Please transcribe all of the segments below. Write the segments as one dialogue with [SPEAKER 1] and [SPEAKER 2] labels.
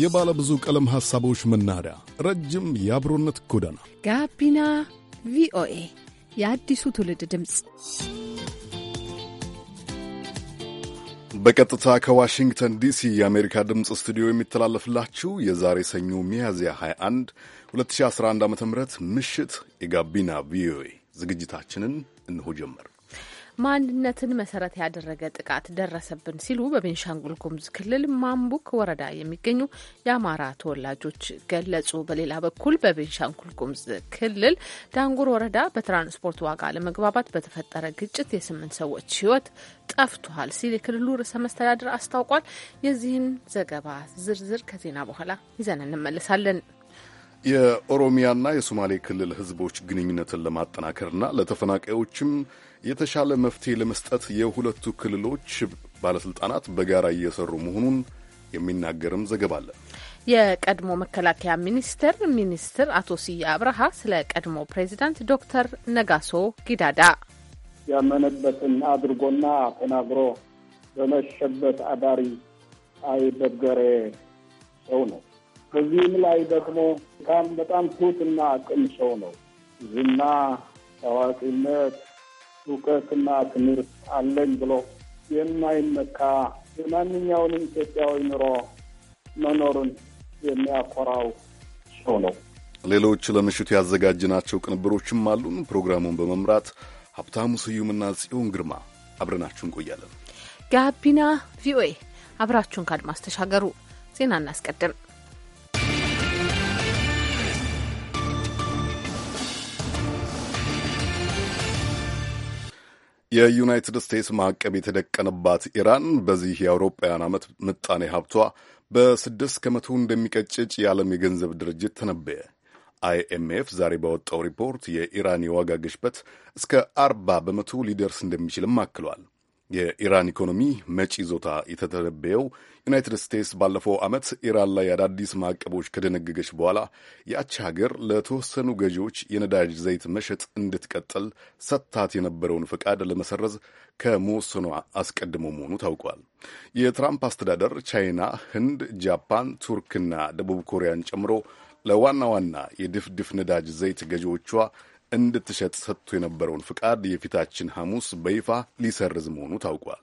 [SPEAKER 1] የባለ ብዙ ቀለም ሐሳቦች መናኸሪያ፣ ረጅም የአብሮነት ጎዳና
[SPEAKER 2] ጋቢና ቪኦኤ የአዲሱ ትውልድ ድምፅ
[SPEAKER 1] በቀጥታ ከዋሽንግተን ዲሲ የአሜሪካ ድምፅ ስቱዲዮ የሚተላለፍላችሁ የዛሬ ሰኞ ሚያዝያ 21 2011 ዓ ም ምሽት የጋቢና ቪኦኤ ዝግጅታችንን እንሆ ጀመር።
[SPEAKER 2] ማንነትን መሰረት ያደረገ ጥቃት ደረሰብን ሲሉ በቤንሻንጉል ጉሙዝ ክልል ማምቡክ ወረዳ የሚገኙ የአማራ ተወላጆች ገለጹ። በሌላ በኩል በቤንሻንጉል ጉሙዝ ክልል ዳንጉር ወረዳ በትራንስፖርት ዋጋ ለመግባባት በተፈጠረ ግጭት የስምንት ሰዎች ሕይወት ጠፍቷል ሲል የክልሉ ርዕሰ መስተዳድር አስታውቋል። የዚህን ዘገባ ዝርዝር ከዜና በኋላ ይዘን እንመለሳለን።
[SPEAKER 1] የኦሮሚያና የሶማሌ ክልል ህዝቦች ግንኙነትን ለማጠናከርና ለተፈናቃዮችም የተሻለ መፍትሄ ለመስጠት የሁለቱ ክልሎች ባለስልጣናት በጋራ እየሰሩ መሆኑን የሚናገርም ዘገባ አለ።
[SPEAKER 2] የቀድሞ መከላከያ ሚኒስቴር ሚኒስትር አቶ ስዬ አብርሃ ስለ ቀድሞ ፕሬዚዳንት ዶክተር ነጋሶ ጊዳዳ
[SPEAKER 3] ያመነበትን አድርጎና ተናግሮ በመሸበት አዳሪ አይበገሬ ሰው ነው። በዚህም ላይ ደግሞ በጣም ትሁትና ቅን ሰው ነው። ዝና፣ ታዋቂነት እውቀትና ትምህርት አለኝ ብሎ የማይመካ የማንኛውንም ኢትዮጵያዊ ኑሮ መኖሩን የሚያኮራው
[SPEAKER 1] ሰው ነው። ሌሎች ለምሽቱ ያዘጋጅናቸው ቅንብሮችም አሉን። ፕሮግራሙን በመምራት ሀብታሙ ስዩምና ጽዮን ግርማ አብረናችሁ እንቆያለን።
[SPEAKER 2] ጋቢና ቪኦኤ አብራችሁን ካድማስ ተሻገሩ። ዜና እናስቀድም።
[SPEAKER 1] የዩናይትድ ስቴትስ ማዕቀብ የተደቀነባት ኢራን በዚህ የአውሮፓውያን ዓመት ምጣኔ ሀብቷ በስድስት ከመቶ እንደሚቀጭጭ የዓለም የገንዘብ ድርጅት ተነበየ። አይኤምኤፍ ዛሬ ባወጣው ሪፖርት የኢራን የዋጋ ግሽበት እስከ አርባ በመቶ ሊደርስ እንደሚችልም አክሏል። የኢራን ኢኮኖሚ መጪ ይዞታ የተተነበየው ዩናይትድ ስቴትስ ባለፈው ዓመት ኢራን ላይ አዳዲስ ማዕቀቦች ከደነገገች በኋላ ያቺ ሀገር ለተወሰኑ ገዢዎች የነዳጅ ዘይት መሸጥ እንድትቀጥል ሰጥታት የነበረውን ፈቃድ ለመሰረዝ ከመወሰኗ አስቀድሞ መሆኑ ታውቋል። የትራምፕ አስተዳደር ቻይና፣ ህንድ፣ ጃፓን፣ ቱርክና ደቡብ ኮሪያን ጨምሮ ለዋና ዋና የድፍድፍ ነዳጅ ዘይት ገዢዎቿ እንድትሸጥ ሰጥቶ የነበረውን ፍቃድ የፊታችን ሐሙስ በይፋ ሊሰርዝ መሆኑ ታውቋል።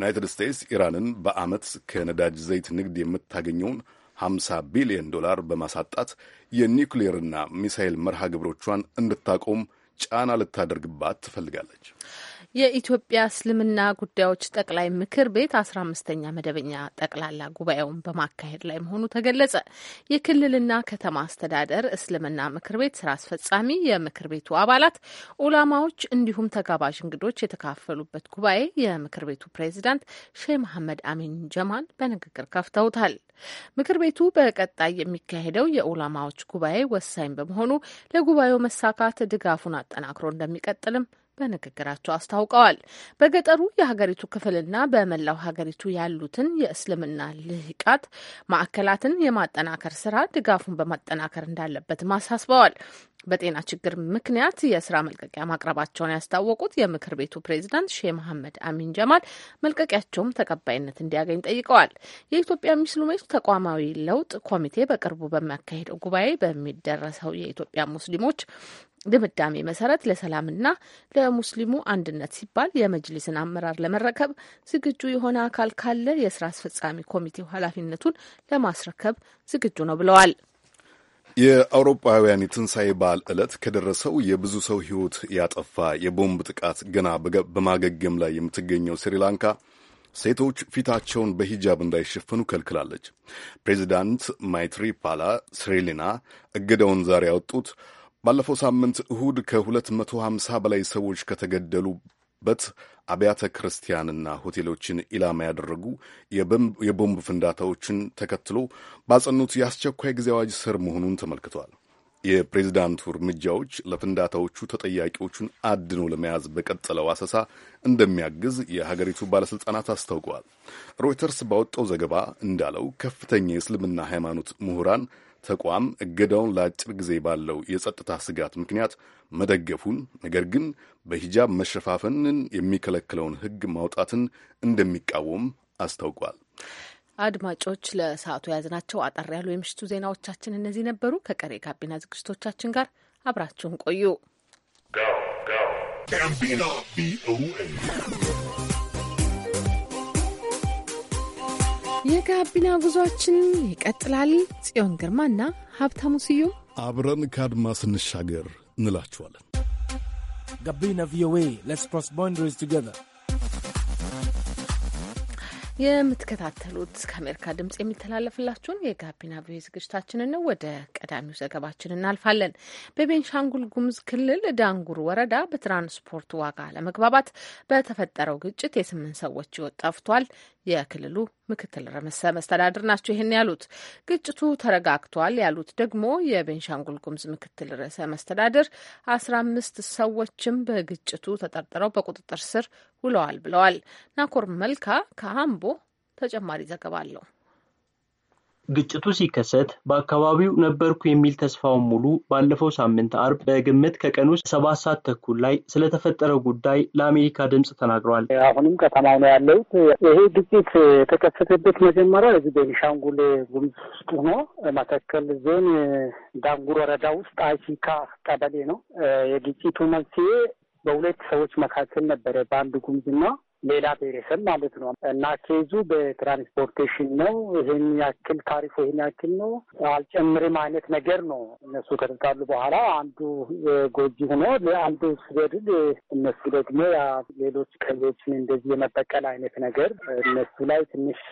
[SPEAKER 1] ዩናይትድ ስቴትስ ኢራንን በዓመት ከነዳጅ ዘይት ንግድ የምታገኘውን 50 ቢሊዮን ዶላር በማሳጣት የኒውክሌርና ሚሳኤል መርሃ ግብሮቿን እንድታቆም ጫና ልታደርግባት ትፈልጋለች።
[SPEAKER 2] የኢትዮጵያ እስልምና ጉዳዮች ጠቅላይ ምክር ቤት አስራ አምስተኛ መደበኛ ጠቅላላ ጉባኤውን በማካሄድ ላይ መሆኑ ተገለጸ። የክልልና ከተማ አስተዳደር እስልምና ምክር ቤት ስራ አስፈጻሚ፣ የምክር ቤቱ አባላት፣ ኡላማዎች እንዲሁም ተጋባዥ እንግዶች የተካፈሉበት ጉባኤ የምክር ቤቱ ፕሬዚዳንት ሼህ መሐመድ አሚን ጀማል በንግግር ከፍተውታል። ምክር ቤቱ በቀጣይ የሚካሄደው የኡላማዎች ጉባኤ ወሳኝ በመሆኑ ለጉባኤው መሳካት ድጋፉን አጠናክሮ እንደሚቀጥልም በንግግራቸው አስታውቀዋል። በገጠሩ የሀገሪቱ ክፍልና በመላው ሀገሪቱ ያሉትን የእስልምና ልህቃት ማዕከላትን የማጠናከር ስራ ድጋፉን በማጠናከር እንዳለበትም አሳስበዋል። በጤና ችግር ምክንያት የስራ መልቀቂያ ማቅረባቸውን ያስታወቁት የምክር ቤቱ ፕሬዚዳንት ሼህ መሐመድ አሚን ጀማል መልቀቂያቸውም ተቀባይነት እንዲያገኝ ጠይቀዋል። የኢትዮጵያ ሙስሊሞች ተቋማዊ ለውጥ ኮሚቴ በቅርቡ በሚያካሄደው ጉባኤ በሚደረሰው የኢትዮጵያ ሙስሊሞች ድምዳሜ መሰረት ለሰላምና ለሙስሊሙ አንድነት ሲባል የመጅሊስን አመራር ለመረከብ ዝግጁ የሆነ አካል ካለ የስራ አስፈጻሚ ኮሚቴው ኃላፊነቱን ለማስረከብ ዝግጁ ነው ብለዋል።
[SPEAKER 1] የአውሮፓውያን የትንሣኤ በዓል ዕለት ከደረሰው የብዙ ሰው ሕይወት ያጠፋ የቦምብ ጥቃት ገና በማገገም ላይ የምትገኘው ስሪላንካ ሴቶች ፊታቸውን በሂጃብ እንዳይሸፍኑ ከልክላለች። ፕሬዚዳንት ፓላ ስሪሊና እገዳውን ዛሬ ያወጡት ባለፈው ሳምንት እሁድ ከ250 በላይ ሰዎች ከተገደሉበት አብያተ ክርስቲያንና ሆቴሎችን ኢላማ ያደረጉ የቦምብ ፍንዳታዎችን ተከትሎ ባጸኑት የአስቸኳይ ጊዜ አዋጅ ስር መሆኑን ተመልክቷል። የፕሬዚዳንቱ እርምጃዎች ለፍንዳታዎቹ ተጠያቂዎቹን አድኖ ለመያዝ በቀጠለው አሰሳ እንደሚያግዝ የሀገሪቱ ባለሥልጣናት አስታውቀዋል። ሮይተርስ ባወጣው ዘገባ እንዳለው ከፍተኛ የእስልምና ሃይማኖት ምሁራን ተቋም እገዳውን ለአጭር ጊዜ ባለው የጸጥታ ስጋት ምክንያት መደገፉን ነገር ግን በሂጃብ መሸፋፈንን የሚከለክለውን ሕግ ማውጣትን እንደሚቃወም አስታውቋል።
[SPEAKER 2] አድማጮች ለሰዓቱ የያዝናቸው አጠር ያሉ የምሽቱ ዜናዎቻችን እነዚህ ነበሩ። ከቀሪ ጋቢና ዝግጅቶቻችን ጋር አብራችሁን ቆዩ። የጋቢና ጉዟችን ይቀጥላል። ጽዮን ግርማና
[SPEAKER 4] ሀብታሙ ስዩም
[SPEAKER 1] አብረን ከአድማ ስንሻገር እንላችኋለን።
[SPEAKER 4] ጋቢና ቪኦኤ ሌትስ ክሮስ ቦንደሪስ ቱጌዘር
[SPEAKER 2] የምትከታተሉት ከአሜሪካ ድምጽ የሚተላለፍላችሁን የጋቢና ቪኦኤ ዝግጅታችንን ነው። ወደ ቀዳሚው ዘገባችን እናልፋለን። በቤንሻንጉል ጉሙዝ ክልል ዳንጉር ወረዳ በትራንስፖርት ዋጋ ለመግባባት በተፈጠረው ግጭት የስምንት ሰዎች ሕይወት ጠፍቷል። የክልሉ ምክትል ርዕሰ መስተዳድር ናቸው ይህን ያሉት። ግጭቱ ተረጋግቷል ያሉት ደግሞ የቤንሻንጉል ጉምዝ ምክትል ርዕሰ መስተዳድር አስራ አምስት ሰዎችም በግጭቱ ተጠርጥረው በቁጥጥር ስር ውለዋል ብለዋል። ናኮር መልካ ከአምቦ ተጨማሪ ዘገባ አለው።
[SPEAKER 5] ግጭቱ ሲከሰት በአካባቢው ነበርኩ የሚል ተስፋውን ሙሉ ባለፈው ሳምንት አርብ በግምት ከቀኑ ሰባት ሰዓት ተኩል ላይ ስለተፈጠረው ጉዳይ ለአሜሪካ ድምፅ ተናግሯል።
[SPEAKER 3] አሁንም ከተማው ነው ያለሁት።
[SPEAKER 6] ይሄ ግጭት
[SPEAKER 3] የተከሰተበት መጀመሪያ እዚህ ቤኒሻንጉል ጉሙዝ ውስጥ ሆኖ መተከል ዞን ዳንጉር ወረዳ ውስጥ አይሲካ ቀበሌ ነው። የግጭቱ መንስኤ በሁለት ሰዎች መካከል ነበረ በአንድ ጉሙዝና ሌላ ብሔረሰብ ማለት ነው እና ኬዙ በትራንስፖርቴሽን ነው። ይህን ያክል ታሪፉ ይህን ያክል ነው አልጨምርም አይነት ነገር ነው። እነሱ ከተጣሉ በኋላ አንዱ ጎጂ ሆኖ አንዱ ሲገድል እነሱ ደግሞ ሌሎች ከሌሎችን እንደዚህ የመበቀል አይነት ነገር እነሱ ላይ ትንሽ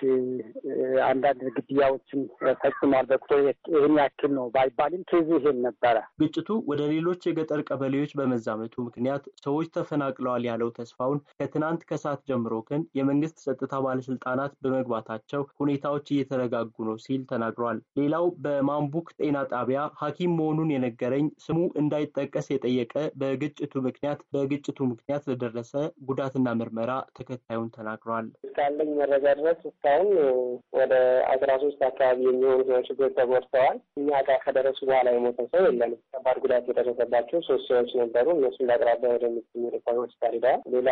[SPEAKER 3] አንዳንድ ግድያዎችን ፈጽሟል። በቁቶ ይህን ያክል ነው ባይባልም ኬዙ ይሄን ነበረ።
[SPEAKER 5] ግጭቱ ወደ ሌሎች የገጠር ቀበሌዎች በመዛመቱ ምክንያት ሰዎች ተፈናቅለዋል ያለው ተስፋውን ከትናንት ከሳ ሰዓት ጀምሮ ግን የመንግስት ጸጥታ ባለስልጣናት በመግባታቸው ሁኔታዎች እየተረጋጉ ነው ሲል ተናግሯል። ሌላው በማምቡክ ጤና ጣቢያ ሐኪም መሆኑን የነገረኝ ስሙ እንዳይጠቀስ የጠየቀ በግጭቱ ምክንያት በግጭቱ ምክንያት ለደረሰ ጉዳትና ምርመራ ተከታዩን ተናግሯል።
[SPEAKER 6] እስካለኝ መረጃ ድረስ እስካሁን ወደ አስራ ሶስት አካባቢ የሚሆኑ ሰዎች ጎ ተጎድተዋል። እኛ ጋር ከደረሱ በኋላ የሞተ ሰው የለንም። ከባድ ጉዳት የደረሰባቸው ሶስት ሰዎች ነበሩ። እነሱን ለአቅራቢያ ወደሚገኝ ሆስፒታል ሄደዋል። ሌላ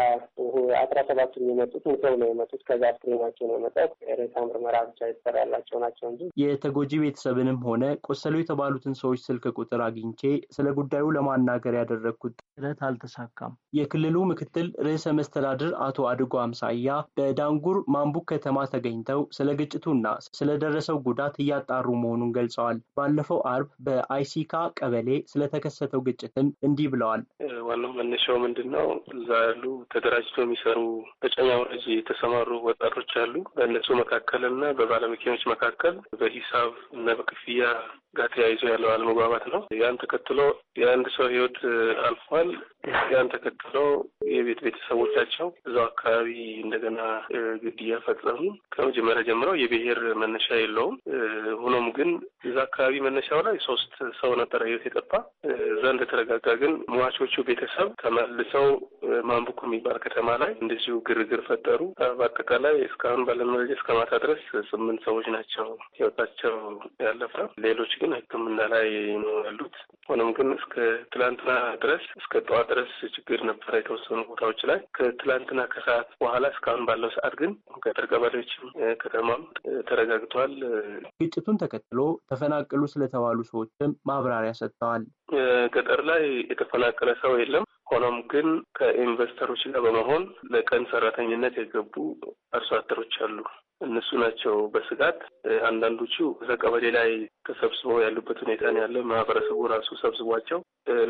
[SPEAKER 6] አስራ ሰባቱ የሚመጡት ሙተው ነው የመጡት። ከዛ አስክሬናቸው ነው የመጣው። ሬሳ ምርመራ ብቻ የተሰራላቸው ናቸው እንጂ
[SPEAKER 5] የተጎጂ ቤተሰብንም ሆነ ቆሰሉ የተባሉትን ሰዎች ስልክ ቁጥር አግኝቼ ስለ ጉዳዩ ለማናገር ያደረግኩት ጥረት አልተሳካም። የክልሉ ምክትል ርዕሰ መስተዳድር አቶ አድጎ አምሳያ በዳንጉር ማምቡክ ከተማ ተገኝተው ስለ ግጭቱና ስለደረሰው ጉዳት እያጣሩ መሆኑን ገልጸዋል። ባለፈው አርብ በአይሲካ ቀበሌ ስለተከሰተው ግጭትም እንዲህ ብለዋል።
[SPEAKER 6] ዋናው መነሻው ምንድን ነው? እዛ ያሉ ተደራጅቶ የሚሰሩ በጨኛ ወረጅ የተሰማሩ ወጣቶች አሉ። በእነሱ መካከል እና በባለመኪኖች መካከል በሂሳብ እና በክፍያ ጋር ተያይዞ ያለው አለመግባባት ነው። ያን ተከትሎ የአንድ ሰው ህይወት አልፏል። ያን ተከትሎ የቤት ቤተሰቦቻቸው እዛው አካባቢ እንደገና ግድያ ፈጸሙ።
[SPEAKER 1] ከመጀመሪያ ጀምረው
[SPEAKER 6] የብሔር መነሻ የለውም። ሆኖም ግን እዛ አካባቢ መነሻው ላይ ሶስት ሰው ነበረ ህይወት የጠፋ። እዛ እንደተረጋጋ ግን ሟቾቹ ቤተሰብ ተመልሰው ማንቡኩ የሚባል ከተማ ላይ እንደዚሁ ግርግር ፈጠሩ። በአጠቃላይ እስካሁን ባለመረጃ መረጃ እስከ ማታ ድረስ ስምንት ሰዎች ናቸው ህይወታቸው ያለፈ ሌሎች ግን ሕክምና ላይ ነው ያሉት። ሆኖም ግን እስከ ትላንትና ድረስ እስከ ጠዋት ድረስ ችግር ነበረ የተወሰኑ ቦታዎች ላይ። ከትላንትና ከሰዓት በኋላ እስካሁን ባለው ሰዓት ግን ገጠር ቀበሌዎችም ከተማም ተረጋግተዋል።
[SPEAKER 5] ግጭቱን ተከትሎ ተፈናቀሉ ስለተባሉ ሰዎችም ማብራሪያ ሰጥተዋል።
[SPEAKER 6] ገጠር ላይ የተፈናቀለ ሰው የለም። ሆኖም ግን ከኢንቨስተሮች ጋር በመሆን ለቀን ሰራተኝነት የገቡ አርሶ አደሮች አሉ። እነሱ ናቸው በስጋት አንዳንዶቹ እዛ ቀበሌ ላይ ተሰብስበው ያሉበት ሁኔታ ነው ያለ። ማህበረሰቡ ራሱ ሰብስቧቸው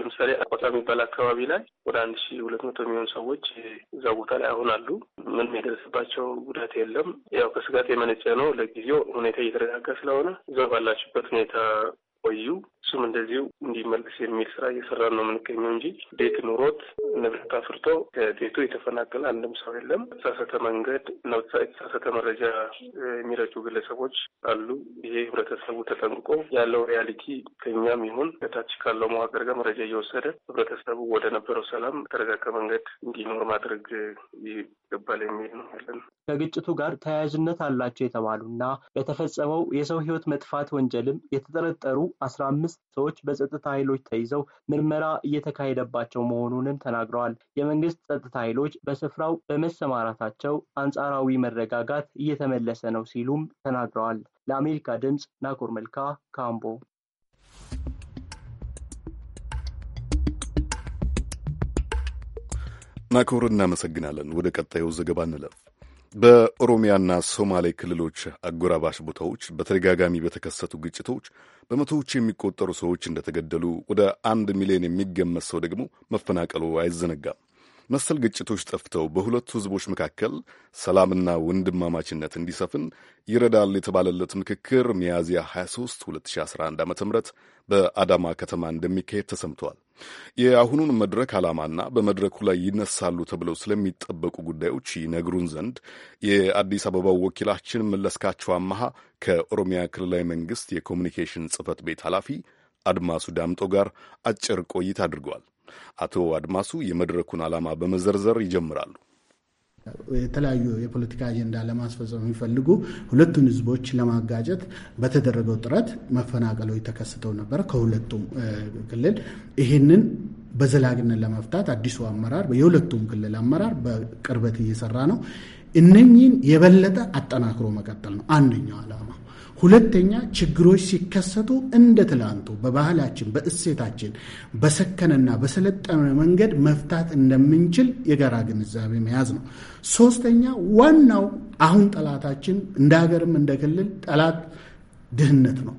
[SPEAKER 6] ለምሳሌ አቆጣ የሚባል አካባቢ ላይ ወደ አንድ ሺ ሁለት መቶ የሚሆን ሰዎች እዛ ቦታ ላይ አሁን አሉ። ምንም የደረሰባቸው ጉዳት የለም። ያው ከስጋት የመነጨ ነው። ለጊዜው ሁኔታ እየተረጋጋ ስለሆነ እዛው ባላችሁበት ሁኔታ ቆዩ። እሱም እንደዚሁ እንዲመለስ የሚል ስራ እየሰራ ነው የምንገኘው እንጂ ቤት ኑሮት ንብረት አፍርቶ ከቤቱ የተፈናቀለ አንድም ሰው የለም። የተሳሳተ መንገድ ነው የተሳሳተ መረጃ የሚረጩ ግለሰቦች አሉ። ይሄ ህብረተሰቡ ተጠንቅቆ ያለው ሪያሊቲ ከኛም ይሁን ከታች ካለው መዋቅር ጋር መረጃ እየወሰደ ህብረተሰቡ ወደ ነበረው ሰላም ተረጋጋ መንገድ እንዲኖር ማድረግ ይገባል የሚል ነው ያለን።
[SPEAKER 5] ከግጭቱ ጋር ተያያዥነት አላቸው እና በተፈጸመው የሰው ህይወት መጥፋት ወንጀልም የተጠረጠሩ አስራ አምስት ሰዎች በጸጥታ ኃይሎች ተይዘው ምርመራ እየተካሄደባቸው መሆኑንም ተናግረዋል። የመንግስት ጸጥታ ኃይሎች በስፍራው በመሰማራታቸው አንጻራዊ መረጋጋት እየተመለሰ ነው ሲሉም ተናግረዋል። ለአሜሪካ ድምፅ ናኮር መልካ ካምቦ።
[SPEAKER 1] ናኮር እናመሰግናለን። ወደ ቀጣዩ ዘገባ እንለፍ። በኦሮሚያና ሶማሌ ክልሎች አጎራባሽ ቦታዎች በተደጋጋሚ በተከሰቱ ግጭቶች በመቶዎች የሚቆጠሩ ሰዎች እንደተገደሉ ወደ አንድ ሚሊዮን የሚገመት ሰው ደግሞ መፈናቀሉ አይዘነጋም። መሰል ግጭቶች ጠፍተው በሁለቱ ህዝቦች መካከል ሰላምና ወንድማማችነት እንዲሰፍን ይረዳል የተባለለት ምክክር ሚያዝያ 23 2011 ዓ ም በአዳማ ከተማ እንደሚካሄድ ተሰምተዋል። የአሁኑን መድረክ ዓላማና በመድረኩ ላይ ይነሳሉ ተብለው ስለሚጠበቁ ጉዳዮች ይነግሩን ዘንድ የአዲስ አበባው ወኪላችን መለስካቸው አመሃ ከኦሮሚያ ክልላዊ መንግሥት የኮሚኒኬሽን ጽህፈት ቤት ኃላፊ አድማሱ ዳምጦ ጋር አጭር ቆይታ አድርገዋል። አቶ አድማሱ የመድረኩን ዓላማ በመዘርዘር ይጀምራሉ።
[SPEAKER 4] የተለያዩ የፖለቲካ አጀንዳ ለማስፈጸም የሚፈልጉ ሁለቱን ህዝቦች ለማጋጨት በተደረገው ጥረት መፈናቀሎች ተከስተው ነበር ከሁለቱም ክልል ይህንን በዘላቂነት ለመፍታት አዲሱ አመራር የሁለቱም ክልል አመራር በቅርበት እየሰራ ነው። እነኚህን የበለጠ አጠናክሮ መቀጠል ነው አንደኛው ዓላማ። ሁለተኛ ችግሮች ሲከሰቱ እንደ ትላንቱ በባህላችን በእሴታችን በሰከነና በሰለጠነ መንገድ መፍታት እንደምንችል የጋራ ግንዛቤ መያዝ ነው። ሶስተኛ ዋናው አሁን ጠላታችን እንደ ሀገርም እንደ ክልል ጠላት ድህነት ነው፣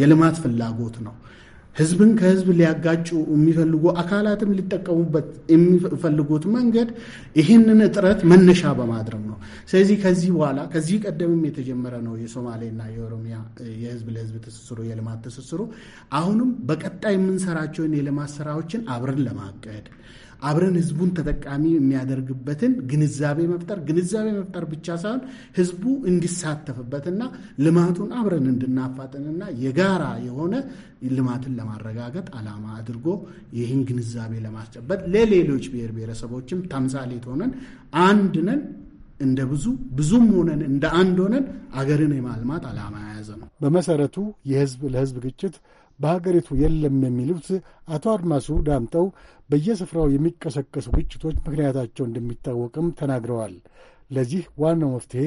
[SPEAKER 4] የልማት ፍላጎት ነው፣ ህዝብን ከህዝብ ሊያጋጩ የሚፈልጉ አካላትም ሊጠቀሙበት የሚፈልጉት መንገድ ይህንን እጥረት መነሻ በማድረግ ነው። ስለዚህ ከዚህ በኋላ ከዚህ ቀደምም የተጀመረ ነው የሶማሌና የኦሮሚያ የህዝብ ለህዝብ ትስስሩ የልማት ትስስሩ አሁንም በቀጣይ የምንሰራቸውን የልማት ስራዎችን አብረን ለማቀድ አብረን ህዝቡን ተጠቃሚ የሚያደርግበትን ግንዛቤ መፍጠር ግንዛቤ መፍጠር ብቻ ሳይሆን ህዝቡ እንዲሳተፍበትና ልማቱን አብረን እንድናፋጥንና የጋራ የሆነ ልማትን ለማረጋገጥ አላማ አድርጎ ይህን ግንዛቤ ለማስጨበጥ ለሌሎች ብሔር ብሔረሰቦችም ተምሳሌት ሆነን አንድ ነን እንደ ብዙ ብዙም ሆነን እንደ አንድ ሆነን አገርን የማልማት አላማ የያዘ ነው። በመሰረቱ የህዝብ ለህዝብ ግጭት በሀገሪቱ የለም የሚሉት አቶ አድማሱ ዳምጠው በየስፍራው የሚቀሰቀሱ ግጭቶች ምክንያታቸው እንደሚታወቅም ተናግረዋል። ለዚህ ዋናው መፍትሄ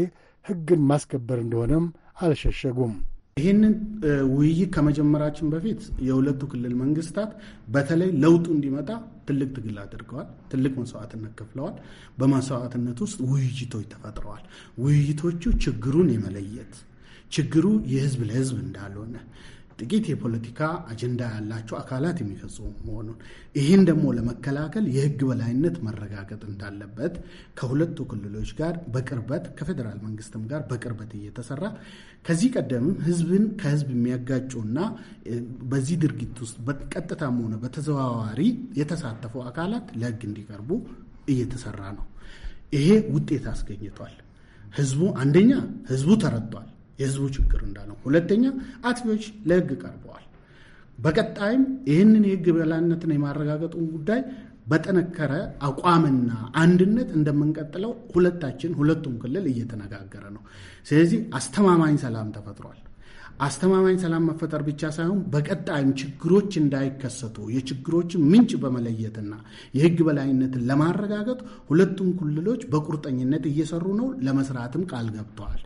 [SPEAKER 4] ሕግን ማስከበር እንደሆነም አልሸሸጉም። ይህንን ውይይት ከመጀመራችን በፊት የሁለቱ ክልል መንግስታት በተለይ ለውጡ እንዲመጣ ትልቅ ትግል አድርገዋል። ትልቅ መስዋዕትነት ከፍለዋል። በመስዋዕትነት ውስጥ ውይይቶች ተፈጥረዋል። ውይይቶቹ ችግሩን የመለየት ችግሩ የህዝብ ለህዝብ እንዳልሆነ ጥቂት የፖለቲካ አጀንዳ ያላቸው አካላት የሚፈጽሙ መሆኑን ይህን ደግሞ ለመከላከል የህግ በላይነት መረጋገጥ እንዳለበት ከሁለቱ ክልሎች ጋር በቅርበት ከፌዴራል መንግስትም ጋር በቅርበት እየተሰራ ከዚህ ቀደምም ህዝብን ከህዝብ የሚያጋጩና በዚህ ድርጊት ውስጥ በቀጥታም ሆነ በተዘዋዋሪ የተሳተፉ አካላት ለህግ እንዲቀርቡ እየተሰራ ነው። ይሄ ውጤት አስገኝቷል። ህዝቡ አንደኛ ህዝቡ ተረድቷል። የህዝቡ ችግር እንዳለው፣ ሁለተኛ አጥፊዎች ለህግ ቀርበዋል። በቀጣይም ይህንን የህግ በላይነትን የማረጋገጡን ጉዳይ በጠነከረ አቋምና አንድነት እንደምንቀጥለው ሁለታችን ሁለቱም ክልል እየተነጋገረ ነው። ስለዚህ አስተማማኝ ሰላም ተፈጥሯል። አስተማማኝ ሰላም መፈጠር ብቻ ሳይሆን በቀጣይም ችግሮች እንዳይከሰቱ የችግሮችን ምንጭ በመለየትና የህግ በላይነትን ለማረጋገጥ ሁለቱም ክልሎች በቁርጠኝነት እየሰሩ ነው። ለመስራትም ቃል ገብተዋል።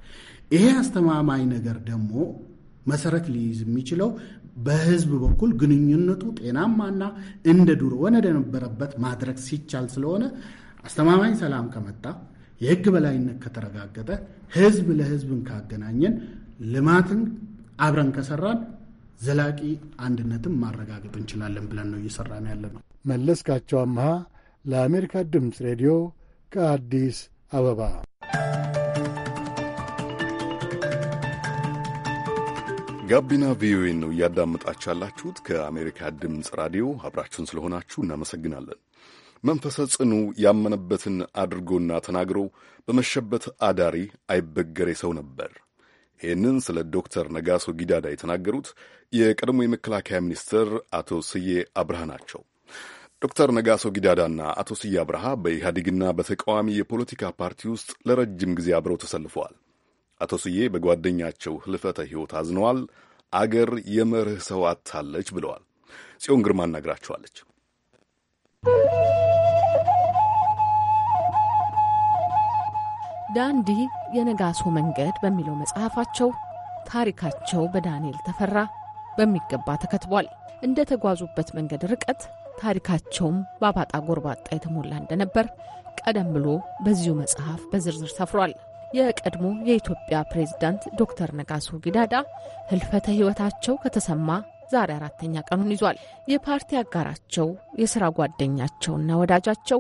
[SPEAKER 4] ይሄ አስተማማኝ ነገር ደግሞ መሰረት ሊይዝ የሚችለው በህዝብ በኩል ግንኙነቱ ጤናማና እንደ ድሮ ወደነበረበት ማድረግ ሲቻል ስለሆነ አስተማማኝ ሰላም ከመጣ የህግ በላይነት ከተረጋገጠ ህዝብ ለህዝብን ካገናኘን ልማትን አብረን ከሰራን ዘላቂ አንድነትን ማረጋገጥ እንችላለን ብለን ነው እየሰራን ያለ ነው። መለስካቸው አምሃ ለአሜሪካ ድምፅ ሬዲዮ ከአዲስ አበባ
[SPEAKER 1] ጋቢና ቪኦኤ ነው እያዳመጣችሁ ያላችሁት። ከአሜሪካ ድምፅ ራዲዮ አብራችሁን ስለሆናችሁ እናመሰግናለን። መንፈሰ ጽኑ ያመነበትን አድርጎና ተናግሮ በመሸበት አዳሪ አይበገሬ ሰው ነበር። ይህንን ስለ ዶክተር ነጋሶ ጊዳዳ የተናገሩት የቀድሞ የመከላከያ ሚኒስትር አቶ ስዬ አብርሃ ናቸው። ዶክተር ነጋሶ ጊዳዳና አቶ ስዬ አብርሃ በኢህአዴግና በተቃዋሚ የፖለቲካ ፓርቲ ውስጥ ለረጅም ጊዜ አብረው ተሰልፈዋል። አቶ ስዬ በጓደኛቸው ህልፈተ ሕይወት አዝነዋል። አገር የመርህ ሰው አታለች ብለዋል። ጽዮን ግርማ እናግራቸዋለች።
[SPEAKER 2] ዳንዲ የነጋሶ መንገድ በሚለው መጽሐፋቸው ታሪካቸው በዳንኤል ተፈራ በሚገባ ተከትቧል። እንደ ተጓዙበት መንገድ ርቀት ታሪካቸውም በአባጣ ጎርባጣ የተሞላ እንደነበር ቀደም ብሎ በዚሁ መጽሐፍ በዝርዝር ሰፍሯል። የቀድሞ የኢትዮጵያ ፕሬዝዳንት ዶክተር ነጋሶ ጊዳዳ ህልፈተ ህይወታቸው ከተሰማ ዛሬ አራተኛ ቀኑን ይዟል። የፓርቲ አጋራቸው የስራ ጓደኛቸውና ወዳጃቸው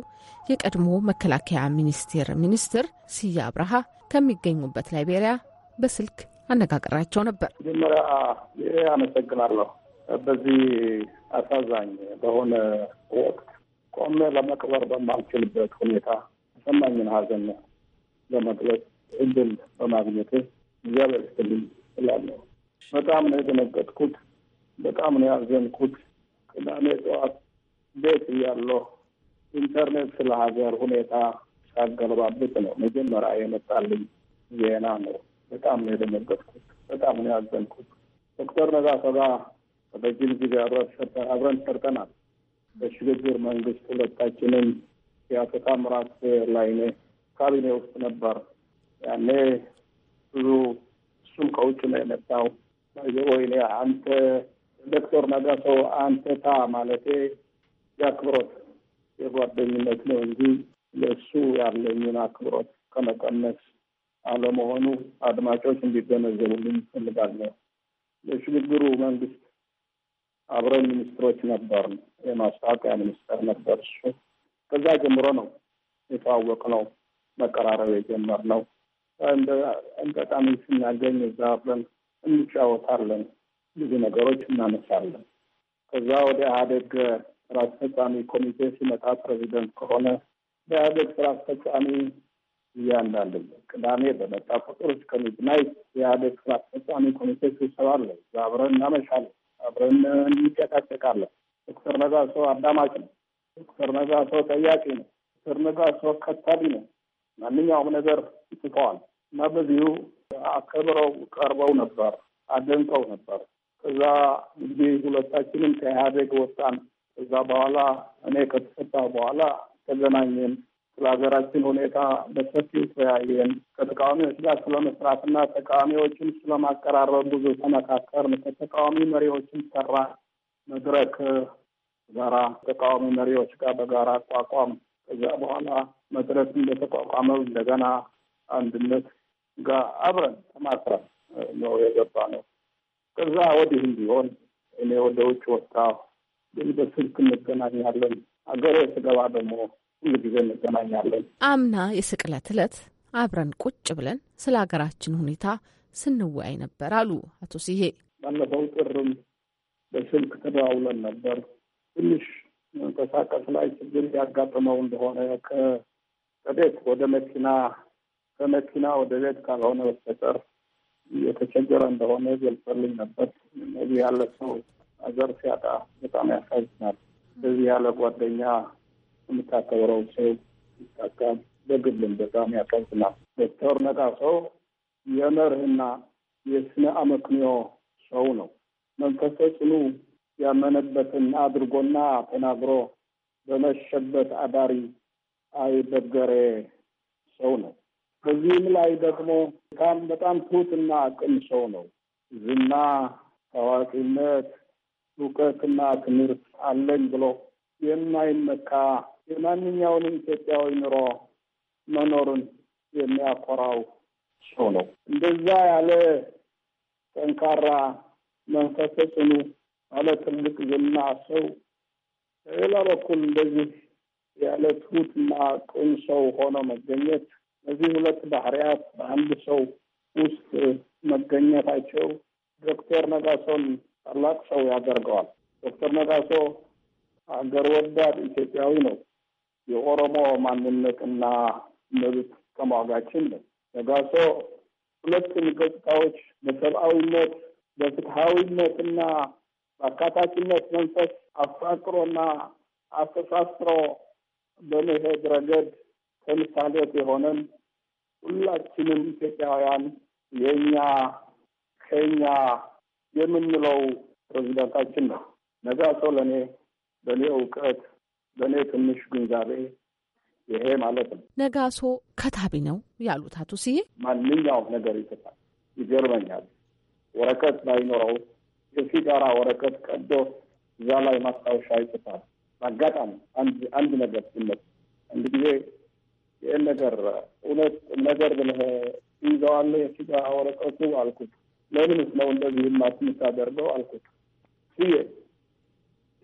[SPEAKER 2] የቀድሞ መከላከያ ሚኒስቴር ሚኒስትር ስዬ አብርሃ ከሚገኙበት ላይቤሪያ በስልክ አነጋገራቸው ነበር።
[SPEAKER 3] መጀመሪያ አመሰግናለሁ። በዚህ አሳዛኝ በሆነ ወቅት ቆሜ ለመቅበር በማልችልበት ሁኔታ ተሰማኝን ሀዘን ለመግለጽ እድል በማግኘት እግዚአብሔር ይስጥልኝ እላለሁ። በጣም ነው የደነገጥኩት። በጣም ነው ያዘንኩት። ቅዳሜ ጠዋት ቤት እያለሁ ኢንተርኔት ስለ ሀገር ሁኔታ ሳገለባብጥ ነው መጀመሪያ የመጣልኝ ዜና ነው። በጣም ነው የደነገጥኩት። በጣም ነው ያዘንኩት። ዶክተር ነጋሶ ጋር በረጅም ጊዜ አብረን ሰርተናል። በሽግግር መንግስት ሁለታችንም የአቶ ታምራት ላይኔ ካቢኔ ውስጥ ነበር ያኔ ብዙ እሱም ከውጭ ነው የመጣው ወይኔ አንተ ዶክተር ነጋሶ አንተ ታ ማለቴ የአክብሮት የጓደኝነት ነው እንጂ ለእሱ ያለኝን አክብሮት ከመቀነስ አለመሆኑ አድማጮች እንዲገነዘቡልኝ ነው የሽግግሩ መንግስት አብረን ሚኒስትሮች ነበር። የማስታወቂያ ሚኒስትር ነበር እሱ። ከዛ ጀምሮ ነው የተዋወቅ ነው መቀራረብ የጀመር ነው አጋጣሚ ስናገኝ እዛ አብረን እንጫወታለን። ብዙ ነገሮች እናነሳለን። ከዛ ወደ ኢህአዴግ ስራ አስፈጻሚ ኮሚቴ ሲመጣ ፕሬዚደንት ከሆነ በኢህአዴግ ስራ አስፈጻሚ እያንዳንድ ቅዳሜ በመጣ ቁጥር እስከ ሚድናይት የኢህአዴግ ስራ አስፈጻሚ ኮሚቴ ስብሰባ አለ። እዛ አብረን እናመሻለን፣ አብረን እንጨቃጨቃለን። ዶክተር ነጋሶ አዳማጭ ነው። ዶክተር ነጋሶ ጠያቂ ነው። ዶክተር ነጋሶ ከታቢ ነው። ማንኛውም ነገር ጽፈዋል እና በዚሁ አከብረው ቀርበው ነበር፣ አደንቀው ነበር። ከዛ እንግዲህ ሁለታችንም ከኢህአዴግ ወጣን። ከዛ በኋላ እኔ ከተሰጣ በኋላ ተገናኘን። ስለ ሀገራችን ሁኔታ በሰፊው ተያየን ከተቃዋሚዎች ጋር ስለመስራትና ተቃዋሚዎችን ስለማቀራረብ ብዙ ተመካከርን። ከተቃዋሚ መሪዎችን ሰራ መድረክ ጋራ ተቃዋሚ መሪዎች ጋር በጋራ አቋቋም። ከዛ በኋላ መጥረት እንደተቋቋመው እንደገና አንድነት ጋር አብረን ተማክረን ነው የገባ ነው። ከዛ ወዲህም ቢሆን እኔ ወደ ውጭ ወጣ፣ ግን በስልክ እንገናኛለን። አገር ስገባ ደግሞ ሁሉ ጊዜ እንገናኛለን።
[SPEAKER 2] አምና የስቅለት ዕለት አብረን ቁጭ ብለን ስለ ሀገራችን ሁኔታ ስንወያይ ነበር አሉ አቶ ሲሄ።
[SPEAKER 3] ባለፈው ጥርም በስልክ ተደዋውለን ነበር። ትንሽ መንቀሳቀስ ላይ ችግር ያጋጥመው እንደሆነ ከቤት ወደ መኪና ከመኪና ወደ ቤት ካልሆነ በስተቀር የተቸገረ እንደሆነ ገልጸልኝ ነበር። እዚህ ያለ ሰው አገር ሲያጣ በጣም ያሳዝናል። እዚህ ያለ ጓደኛ የምታከብረው ሰው ይታጣል። በግልም በጣም ያሳዝናል። ዶክተር ሰው የመርህና የስነ አመክንዮ ሰው ነው። መንፈሰ ጽኑ ያመነበትን አድርጎና ተናግሮ በመሸበት አዳሪ አይበገሬ ሰው ነው። በዚህም ላይ ደግሞ በጣም በጣም ትሁትና ቅን ሰው ነው። ዝና፣ ታዋቂነት፣ እውቀትና ትምህርት አለኝ ብሎ የማይመካ የማንኛውንም ኢትዮጵያዊ ኑሮ መኖርን የሚያኮራው ሰው ነው። እንደዛ ያለ ጠንካራ መንፈሰ ጽኑ ባለ ትልቅ ዝና ሰው በሌላ በኩል እንደዚህ ያለ እና ቅን ሰው ሆኖ መገኘት እነዚህ ሁለት ባህሪያት በአንድ ሰው ውስጥ መገኘታቸው ዶክተር ነጋሶን ታላቅ ሰው ያደርገዋል። ዶክተር ነጋሶ ሀገር ወዳድ ኢትዮጵያዊ ነው። የኦሮሞ ማንነትና መብት ተሟጋችን ነው። ነጋሶ ሁለቱም ገጽታዎች በሰብአዊነት በፍትሐዊነትና በአካታችነት መንፈስ አፋቅሮና አስተሳስሮ በመሄድ ረገድ ተምሳሌት የሆነን ሁላችንም ኢትዮጵያውያን የእኛ ከኛ የምንለው ፕሬዚዳንታችን ነው። ነጋሶ ለእኔ በእኔ እውቀት በእኔ ትንሽ ግንዛቤ ይሄ ማለት ነው።
[SPEAKER 2] ነጋሶ ከታቢ ነው ያሉት አቶ ስዬ
[SPEAKER 3] ማንኛውም ነገር ይጽፋል። ይገርመኛል። ወረቀት ባይኖረው የሲጋራ ወረቀት ቀዶ እዛ ላይ ማስታወሻ ይጽፋል። አጋጣሚ አንድ አንድ ነገር ሲመጡ አንድ ጊዜ ይህን ነገር እውነት ነገር ብለህ ይዘዋለ የስጋ ወረቀቱ አልኩት። ለምንስ ነው እንደዚህ የማትምታደርገው አልኩት። ስዬ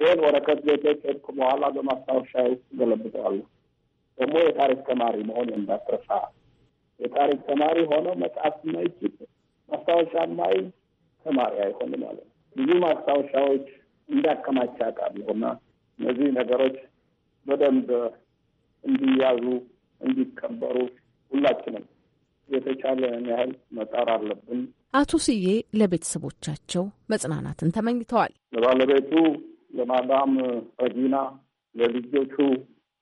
[SPEAKER 3] ይህን ወረቀት ቤተ ጨድቅ በኋላ በማስታወሻ ውስጥ ገለብጠዋለሁ። ደግሞ የታሪክ ተማሪ መሆን እንዳትረሳ። የታሪክ ተማሪ ሆነው መጽሐፍ ማይችል ማስታወሻ ማይ ተማሪ አይሆን ማለት ነው። ብዙ ማስታወሻዎች እንዳከማቻ ቃል ሆና እነዚህ ነገሮች በደንብ እንዲያዙ፣ እንዲከበሩ ሁላችንም የተቻለን ያህል መጣር አለብን።
[SPEAKER 2] አቶ ስዬ ለቤተሰቦቻቸው መጽናናትን ተመኝተዋል።
[SPEAKER 3] ለባለቤቱ፣ ለማዳም ረጊና፣ ለልጆቹ፣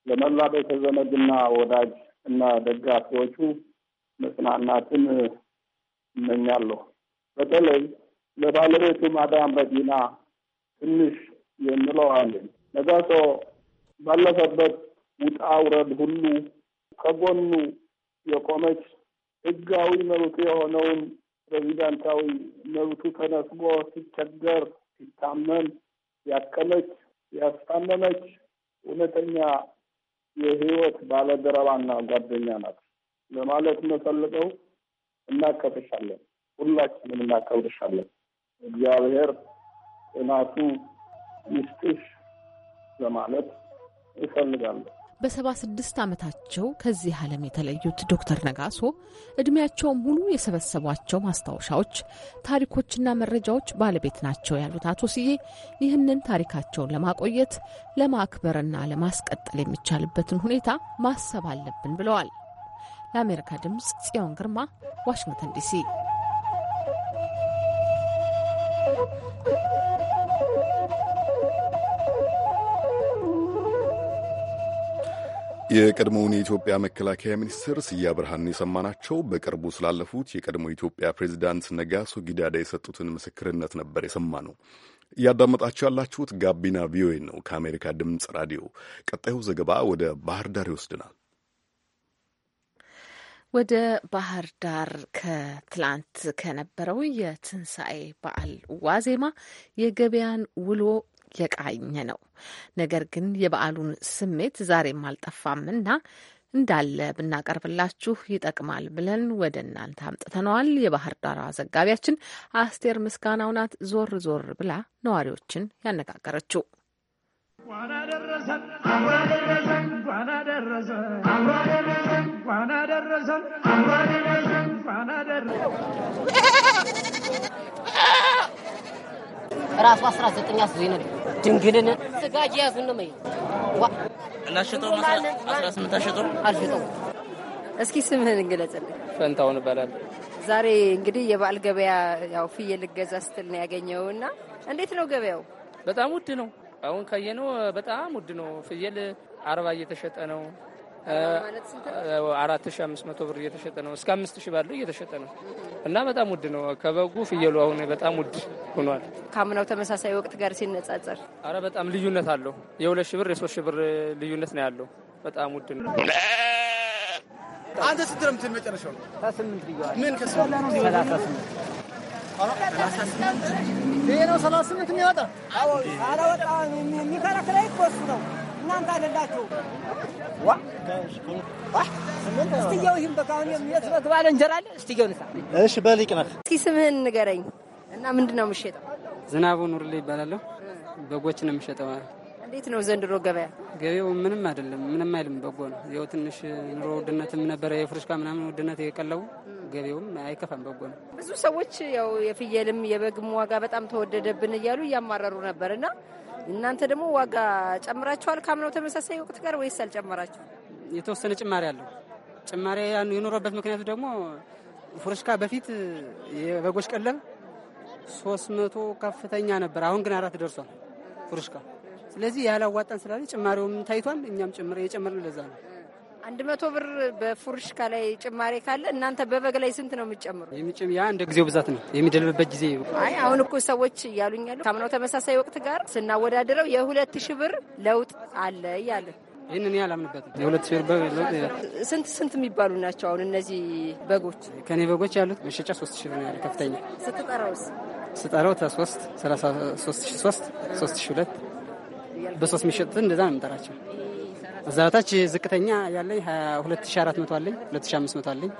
[SPEAKER 3] ለመላ ቤተ ዘመድና ወዳጅ እና ደጋፊዎቹ መጽናናትን እመኛለሁ። በተለይ ለባለቤቱ ማዳም ረጊና ትንሽ የምለው አለኝ ነጋሶ ባለፈበት ውጣ ውረድ ሁሉ ከጎኑ የቆመች ህጋዊ መብቱ የሆነውን ፕሬዚዳንታዊ መብቱ ተነስጎ ሲቸገር፣ ሲታመም ያከመች ያስታመመች እውነተኛ የህይወት ባለደረባና ጓደኛ ናት ለማለት መፈልገው። እናከብርሻለን፣ ሁላችንም እናከብርሻለን። እግዚአብሔር ጥናቱ ይስጥሽ። ለማለት ይፈልጋሉ።
[SPEAKER 2] በሰባ ስድስት ዓመታቸው ከዚህ ዓለም የተለዩት ዶክተር ነጋሶ ዕድሜያቸው ሙሉ የሰበሰቧቸው ማስታወሻዎች፣ ታሪኮችና መረጃዎች ባለቤት ናቸው ያሉት አቶ ስዬ ይህንን ታሪካቸውን ለማቆየት ለማክበርና ለማስቀጠል የሚቻልበትን ሁኔታ ማሰብ አለብን ብለዋል። ለአሜሪካ ድምፅ ጽዮን ግርማ ዋሽንግተን ዲሲ
[SPEAKER 1] የቀድሞውን የኢትዮጵያ መከላከያ ሚኒስትር ስያ ብርሃን የሰማናቸው በቅርቡ ስላለፉት የቀድሞ ኢትዮጵያ ፕሬዚዳንት ነጋሶ ጊዳዳ የሰጡትን ምስክርነት ነበር የሰማ ነው። እያዳመጣችሁ ያላችሁት ጋቢና ቪኦኤ ነው ከአሜሪካ ድምፅ ራዲዮ። ቀጣዩ ዘገባ ወደ ባህር ዳር ይወስድናል።
[SPEAKER 2] ወደ ባህር ዳር ከትላንት ከነበረው የትንሣኤ በዓል ዋዜማ የገበያን ውሎ የቃኘ ነው። ነገር ግን የበዓሉን ስሜት ዛሬም አልጠፋምና እንዳለ ብናቀርብላችሁ ይጠቅማል ብለን ወደ እናንተ አምጥተነዋል። የባህር ዳር ዘጋቢያችን አስቴር ምስጋናው ናት ዞር ዞር ብላ ነዋሪዎችን ያነጋገረችው።
[SPEAKER 4] ደረሰን
[SPEAKER 7] ራሱ 19 አስይዞኝ
[SPEAKER 4] ነበር።
[SPEAKER 8] ድንግልን
[SPEAKER 9] ስጋ ጂያዙን ነው ማለት
[SPEAKER 8] እናሸጠው 18 አሸጠው
[SPEAKER 9] አልሸጠው። እስኪ ስምህን እንግለጽልኝ።
[SPEAKER 8] ፈንታውን እባላለሁ።
[SPEAKER 9] ዛሬ እንግዲህ የበዓል ገበያ ያው ፍየል ልገዛ ስትል ነው ያገኘውና እንዴት ነው ገበያው? በጣም
[SPEAKER 5] ውድ ነው።
[SPEAKER 7] አሁን ካየነው በጣም ውድ ነው። ፍየል አርባ እየተሸጠ ነው አራት ሺ አምስት መቶ ብር እየተሸጠ ነው። እስከ አምስት ሺ ባለው እየተሸጠ ነው እና በጣም ውድ ነው። ከበጉ ፍየሉ አሁን በጣም ውድ ሆኗል።
[SPEAKER 9] ካምናው ተመሳሳይ ወቅት ጋር ሲነጻጸር፣
[SPEAKER 7] አረ በጣም ልዩነት አለው። የሁለት ሺ ብር የሶስት ሺ ብር ልዩነት ነው ያለው። በጣም ውድ ነው። አንተ ስንት ነው የምትመጨረሻው? ስምንት ብያለሁ። ምን ከሰላሳ ስምንት ነው ሰላሳ ስምንት የሚያወጣ የሚከራከራ ይኮሱ ነው እናንተ አይደላችሁ እሺ በሊቅ ነህ
[SPEAKER 9] እስኪ ስምህን ንገረኝ እና ምንድን ነው የምትሸጠው
[SPEAKER 7] ዝናቡ ኑርሌ ይባላለሁ በጎች ነው የምሸጠው
[SPEAKER 9] እንዴት ነው ዘንድሮ ገበያ
[SPEAKER 7] ገበያው ምንም አይደለም ምንም አይልም በጎ ነው ያው ትንሽ ኑሮ ውድነትም ነበረ የፍርሽካ ምናምን ውድነት የቀለው ገበያውም አይከፋም በጎ ነው
[SPEAKER 9] ብዙ ሰዎች ያው የፍየልም የበግም ዋጋ በጣም ተወደደብን እያሉ እያማረሩ ነበር እና እናንተ ደግሞ ዋጋ ጨምራችኋል ካምናው ተመሳሳይ ወቅት ጋር ወይስ አልጨመራችሁ?
[SPEAKER 7] የተወሰነ ጭማሪ አለው። ጭማሪ የኖረበት ምክንያቱ ደግሞ ፉርሽካ በፊት የበጎች ቀለብ ሶስት መቶ ከፍተኛ ነበር። አሁን ግን አራት ደርሷል ፉርሽካ። ስለዚህ ያላዋጣን ስላለ ጭማሪውም ታይቷል። እኛም ጭምር የጨመርን ለዛ ነው።
[SPEAKER 9] አንድ መቶ ብር በፉርሽ ከላይ ጭማሬ ካለ እናንተ በበግ ላይ ስንት ነው የምትጨምሩ? የሚጭም ያ
[SPEAKER 7] እንደ ጊዜው ብዛት ነው የሚደልብበት ጊዜ። አይ
[SPEAKER 9] አሁን እኮ ሰዎች እያሉኛሉ ያሉ ካምናው ተመሳሳይ ወቅት ጋር ስናወዳድረው የሁለት ሺህ ብር ለውጥ አለ እያለ ይህንን አላምንበትም። የሁለት ሺህ ብር ስንት ስንት የሚባሉ ናቸው? አሁን እነዚህ በጎች
[SPEAKER 7] ከኔ በጎች ያሉት መሸጫ ሶስት ሺህ ብር ያለ ከፍተኛ ስትጠራውስ ስጠራው ተሶስት ሰላሳ ሶስት ሺህ ሶስት ሶስት ሺህ ሁለት በሶስት የሚሸጡትን እንደዛ ነው የምጠራቸው እዛ በታች ዝቅተኛ ያለኝ 2400 አለኝ፣ 2500 አለኝ።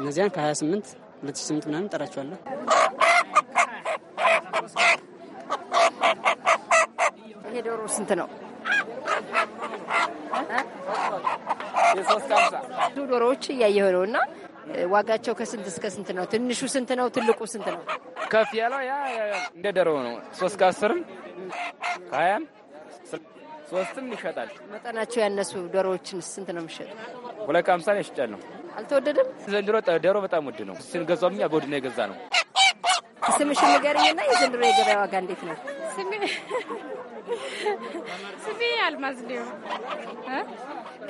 [SPEAKER 7] እነዚያን ከ28 2008 ምናምን ጠራችኋለሁ።
[SPEAKER 9] ይሄ ዶሮ ስንት ነው? ብዙ ዶሮዎች እያየሁ ነው እና ዋጋቸው ከስንት እስከ ስንት ነው? ትንሹ ስንት ነው? ትልቁ ስንት ነው?
[SPEAKER 8] ከፍ ያለው ያ እንደ ደሮ ነው። ሶስት ከአስርም ከሀያም ሶስትም ይሸጣል።
[SPEAKER 9] መጠናቸው ያነሱ ዶሮዎችን ስንት ነው የሚሸጡ?
[SPEAKER 8] ሁለት ከሀምሳ ነው ይሸጫለሁ። አልተወደደም ዘንድሮ ዶሮ በጣም ውድ ነው። ስንገዛው እኛ በውድ ነው የገዛ
[SPEAKER 9] ነው። ስምሽን ንገሪኝና የዘንድሮ የገበያ ዋጋ እንዴት ነው? ስሜ
[SPEAKER 2] አልማዝ ሊሆን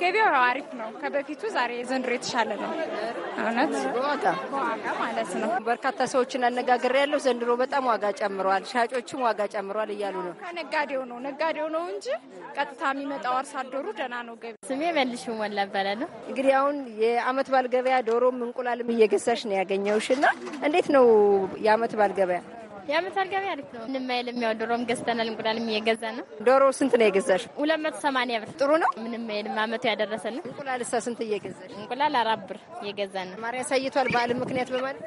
[SPEAKER 9] ገቢያው አሪፍ ነው ከበፊቱ ዛሬ ዘንድሮ የተሻለ ነው። እውነት ዋጋ ማለት ነው። በርካታ ሰዎችን አነጋግሬ ያለው ዘንድሮ በጣም ዋጋ ጨምረዋል፣ ሻጮችም ዋጋ ጨምረዋል እያሉ ነው። ከነጋዴው ነው ነጋዴው ነው እንጂ ቀጥታ የሚመጣው አርሶ አደሩ ደህና ነው ገቢ። ስሜ መልሽ ሞላ ነው። እንግዲህ አሁን የአመት ባል ገበያ ዶሮም እንቁላልም እየገዛሽ ነው ያገኘውሽ እና እንዴት ነው የአመት ባል ገበያ? የአመት ገበያ አሪፍ ነው። ምንም አይልም። ያው ዶሮም ገዝተናል፣ እንቁላልም እየገዛ ነው። ዶሮ ስንት ነው የገዛሽ? ሁለት መቶ ሰማንያ ብር። ጥሩ ነው። ምንም አይልም። አመቱ ነው። እንቁላል እሳ ስንት እየገዛሽ? እንቁላል አራት ብር እየገዛ ነው። ማር ያሳይቷል። በዓል ምክንያት በማድረግ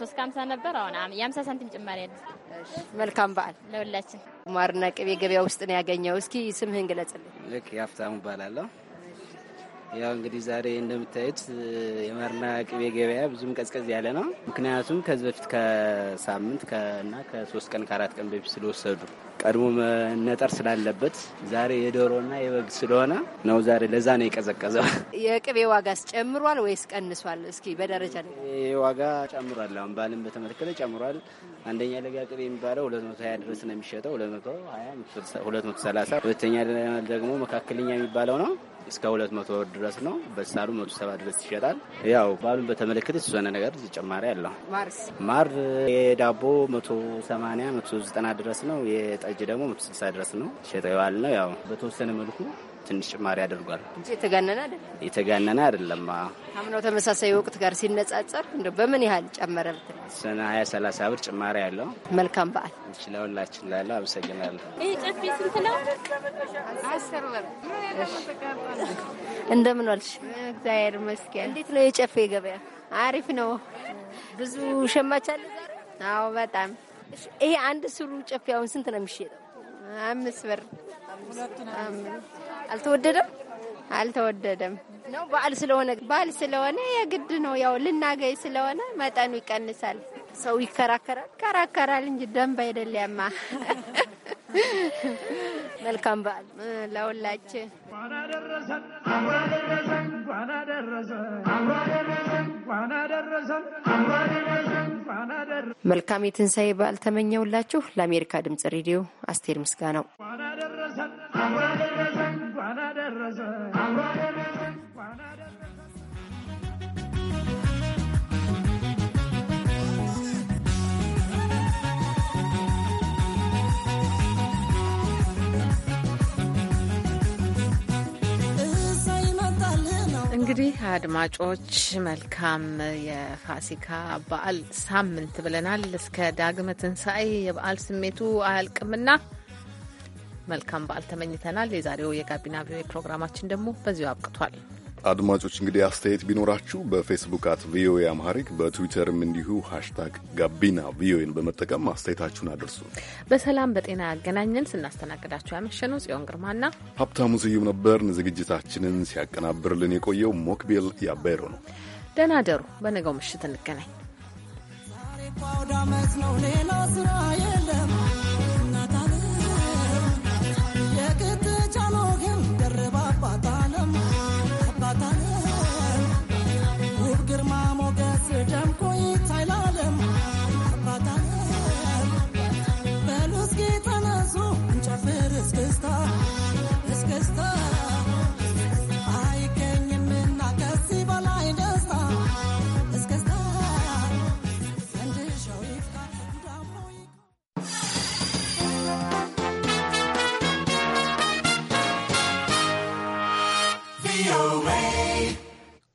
[SPEAKER 9] ሶስት ከሀምሳ ነበር። አሁን የሀምሳ ሳንቲም ጭማሪ ያለ። መልካም በዓል ለሁላችን። ማርና ቅቤ ገበያ ውስጥ ነው ያገኘው። እስኪ ስምህን ግለጽልን። ልክ ያፍታሙ እባላለሁ።
[SPEAKER 8] ያው እንግዲህ ዛሬ እንደምታዩት የማርና ቅቤ ገበያ ብዙም ቀዝቀዝ ያለ ነው። ምክንያቱም ከዚህ በፊት ከሳምንት እና ከሶስት ቀን ከአራት ቀን በፊት ስለወሰዱ ቀድሞ መነጠር ስላለበት ዛሬ የዶሮና የበግ ስለሆነ ነው። ዛሬ ለዛ ነው የቀዘቀዘው።
[SPEAKER 9] የቅቤ ዋጋስ ጨምሯል ወይስ ቀንሷል? እስኪ በደረጃ
[SPEAKER 8] ዋጋ ጨምሯል። አሁን ባልን በተመለከተ ጨምሯል። አንደኛ ለጋ ቅቤ የሚባለው ሁለት ሀያ ድረስ ነው የሚሸጠው ሁለት መቶ ሀያ ሁለት ሰላሳ ሁለተኛ ደግሞ መካከለኛ የሚባለው ነው እስከ ሁለት መቶ ብር ድረስ ነው። በሳሉ መቶ ሰባ ድረስ ይሸጣል። ያው በዓሉን በተመለከተ የተወሰነ ነገር ተጨማሪ አለው። ማር የዳቦ መቶ ሰማንያ መቶ ዘጠና ድረስ ነው። የጠጅ ደግሞ መቶ ስልሳ ድረስ ነው። ዋል ነው ያው በተወሰነ መልኩ ትንሽ ጭማሪ አድርጓል
[SPEAKER 9] እንጂ የተጋነነ አይደለም።
[SPEAKER 8] የተጋነነ አይደለም።
[SPEAKER 9] አምናው ተመሳሳይ ወቅት ጋር ሲነጻጸር እንደ በምን ያህል ጨመረ ብትል
[SPEAKER 8] ስነ ሀያ ሰላሳ ብር ጭማሪ ያለው። መልካም በዓል ይችለውላችን ላለው አመሰግናለሁ።
[SPEAKER 9] እንደምን ዋልሽ? እግዚአብሔር ይመስገን። እንዴት ነው የጨፌ ገበያ? አሪፍ ነው። ብዙ ሸማች አለ አዎ በጣም ይሄ አንድ ስሩ ጨፌ አሁን ስንት ነው የሚሸጠው? አምስት ብር አልተወደደም አልተወደደም ነው። በዓል ስለሆነ በዓል ስለሆነ የግድ ነው። ያው ልናገኝ ስለሆነ መጠኑ ይቀንሳል። ሰው ይከራከራል ይከራከራል እንጂ ደንብ አይደል ያማ። መልካም በዓል ለሁላችን። መልካም የትንሣኤ በዓል ተመኘውላችሁ። ለአሜሪካ ድምጽ ሬዲዮ አስቴር ምስጋ ነው።
[SPEAKER 2] እንግዲህ አድማጮች መልካም የፋሲካ በዓል ሳምንት ብለናል። እስከ ዳግመ ትንሣኤ የበዓል ስሜቱ አያልቅምና መልካም በዓል ተመኝተናል። የዛሬው የጋቢና ቪኦኤ ፕሮግራማችን ደግሞ በዚሁ አብቅቷል።
[SPEAKER 1] አድማጮች እንግዲህ አስተያየት ቢኖራችሁ በፌስቡክ አት ቪኦኤ አምሃሪክ በትዊተርም እንዲሁ ሃሽታግ ጋቢና ቪኦኤን በመጠቀም አስተያየታችሁን አድርሱ።
[SPEAKER 2] በሰላም በጤና ያገናኘን። ስናስተናግዳችሁ ያመሸነው ጽዮን ግርማና
[SPEAKER 1] ሀብታሙ ስዩም ነበርን። ዝግጅታችንን ሲያቀናብርልን የቆየው ሞክቤል ያባይሮ ነው።
[SPEAKER 2] ደህና ደሩ። በነገው ምሽት እንገናኝ።